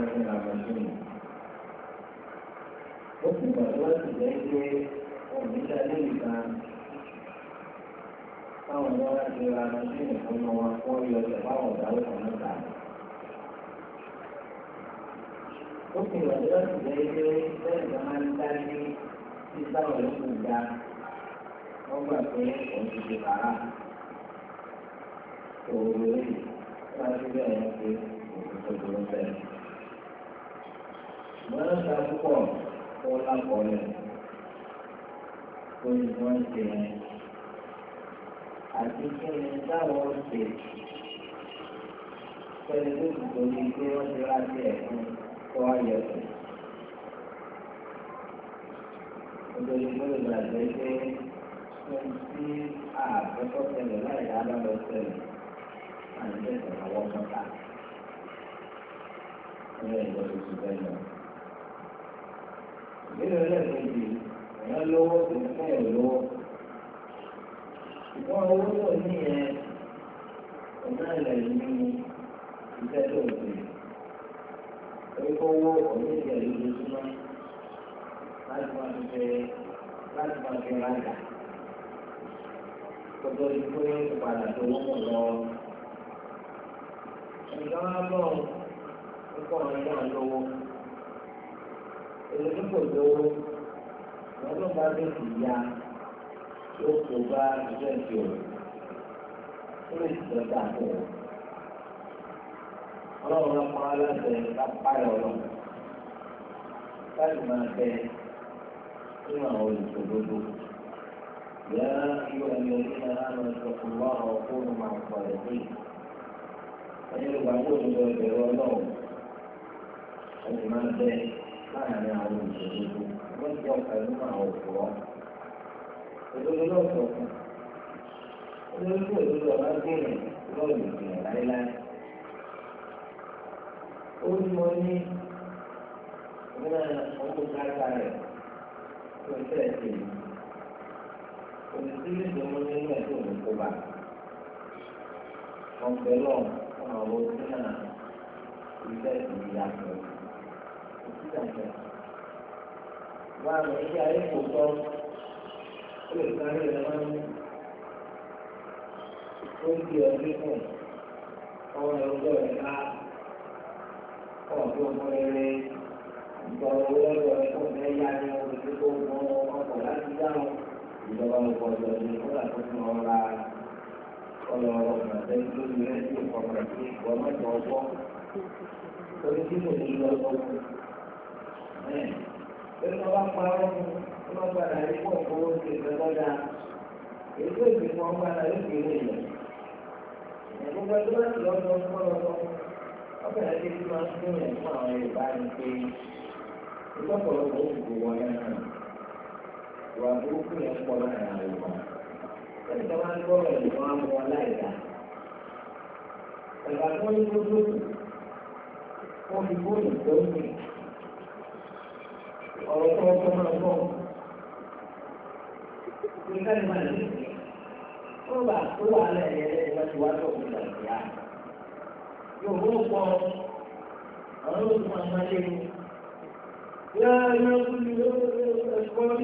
ẹ̀yìn àmọ̀ṣẹ́yìn. ó sì gbàgbọ́ láti jẹ́ pé òmìnira lè gba táwọn ọmọ wa ti ra àmọ̀ṣẹ́yìn fún ọmọ wa fún ọyọ báwọn ọ̀dà ó kàn ó sì gbàgbọ́ láti jẹ́ pé lẹ́yìn tó máa ń dárí sí táwọn olókùn ìjà wọ́n gbà pé òun ti bàrà. òwúrọ̀ yìí wọ́n á ti bẹ̀rẹ̀ pé òun tó dúró bẹ́ẹ̀ wọ́n ń ta púpọ̀ fún lákọọ́lẹ̀ wọ́n ṣe yẹn àti kí ni táwọn ṣe pẹ̀lú lóṣù tó ní pé wọ́n ti rántí ẹ̀kún tó ayọ̀ tó. nítorí gbọ́dọ̀ gbàgbé pé ohun tí àkọ́kọ́ ṣẹlẹ̀ láì dá lọ́dọ̀ ṣẹlẹ̀ àti bẹ́ẹ̀ sọ̀rọ̀ àwọn Ilé ìjọba ti bẹ́ẹ̀ lọ nínú ẹlẹ́ẹ̀kejì èèyàn lówó kò ní fún èèyàn ṣùgbọ́n owó tó ní yẹn ọ̀nà ilẹ̀ ní iṣẹ́ tó ń pè é owó oníṣẹ́ ìlú súnmọ́ láti máa fi ṣe láti máa fi rájà gbogbo ìlú pé padà tó wọ́pọ̀ lọ. ẹ̀ka wá bọ̀ ń pọ̀ nígbà lówó èyí kò lówó wọn bá lè fi ya ó kó bá ìjọ ìjọ ó lè ti dọ̀tà àbọ̀ ọlọ́run ló pọn aláṣẹ lápáyọ̀ ọlọ́run láti máa bẹ nínú àwọn olùsòdodo yá yóò ẹni onílẹ̀ lánàá ìṣọ̀kùnrin wà fóònù máa pọ̀ ẹ̀ ẹni olùgbàgbọ́ òdodo ẹ̀bẹ̀rẹ̀ ọlọ́run ẹni máa bẹ láàrin àwọn ìṣòro wọ́n ti ọ̀kà nínú àwọn òpùrọ̀. Òdodo náà sọ fún un. Olórí tí òdodo ọ̀gá gbìyànjú lọ́ọ̀ lè gbìyànjú láéláé. Ó ní mo ní ìwé ọkọ̀ káàkà rẹ̀ tó ń tẹ̀lé sí wà á lọ sí kò tọ́ ó lè sáré rẹ̀ máa ń ó di ọdún fún ọwọ́ ẹ̀rọ rẹ̀ ká ọ̀dọ́ ọmọ rere ìgbọ̀rọ̀ lọ́dọ̀ rẹ̀ kò ní ọdún tó tó mọ ọkọ̀ láti dáhùn ìjọba ọkọ̀ ọ̀dọ̀ ní kọ́lá tó fún ọ ra ọlọ́rọ̀ ọ̀nà tẹ́lifíṣẹ́ lórí rẹ̀ sí ìfọ̀mọ̀ sí ìgbọ̀mọ̀tò ọgbọ́n torí tí kò ní lọ sọ fún un. Bẹ́ẹ̀ni wọ́n bá pa ọ́ mú wọ́n bá padà rí pọ̀ fowó ṣe ìgbẹ́lọ́dà. Èyí èdè wọn padà rí pé lè lọ. Ìgbàgbọ́ tó bá ti lọ sọ fún ọ lọ, wọ́n bẹ̀rẹ̀ sí ti máa ń fún yẹn fún àwọn Yorùbá ni pé ìgbọ́pọ̀lọpọ̀ gbọ́ ẹ̀rọ wọn mú Ẹ̀gbà tó ń gbójú wọ́n fi bóyá ìgbẹ́ òkè ọ̀rọ̀ tó ọkọ̀ máa bọ̀. Ìgbésẹ̀ ni máa ní ó bá tó wà lẹ́yìn ẹ̀rẹ́ ìwádìí wá tó òkúta ìyá. Yóò bó pọ̀ àwọn olóòtú máa máa lé mi. Yá iná kúlù yóò ẹ̀kọ́ náà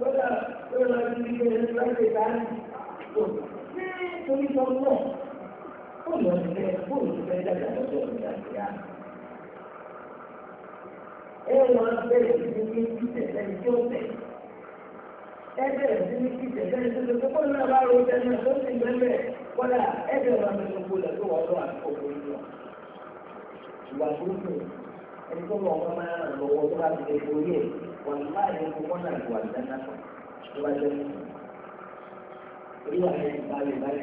lọ́dà lọ́dà ti di ẹ̀rẹ́ láti ìdáná. Torí sọ́kùnrin bóòlù ọ̀sẹ̀ bẹ́ẹ̀ bóòlù ọ̀sẹ̀ bẹ́ẹ̀ dáadáa lọ́jọ́ ìgbà tí a. ẹ wọn bẹ̀rẹ̀ sí ní kíkẹ́ sẹ́ni tí ó tẹ̀. ẹ bẹ̀rẹ̀ sí ní kíkẹ́ sẹ́ni tó tẹ̀ kókó náà bá ro ìdáná tó ti mẹ́mẹ́ kọ́dà ẹ bẹ̀rẹ̀ wọn bẹ̀rẹ̀ gbogbo lọ tó wà lọ àkókò ìlú. ìwà burúkú ẹni tó lọ wọn máa ràn lọ́wọ́ tó bá ti lè borí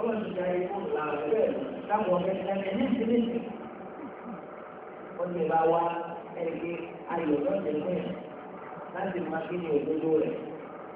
ọlọ́dúnjà ikú làbẹ́ táwọn ọmọ ẹgbẹ́ ní ìdílé wọ́n ti bá wa ẹgbẹ́ ayọ̀ lọ́dẹ̀ fún ẹ̀ láti máa kí ni òdodo rẹ̀.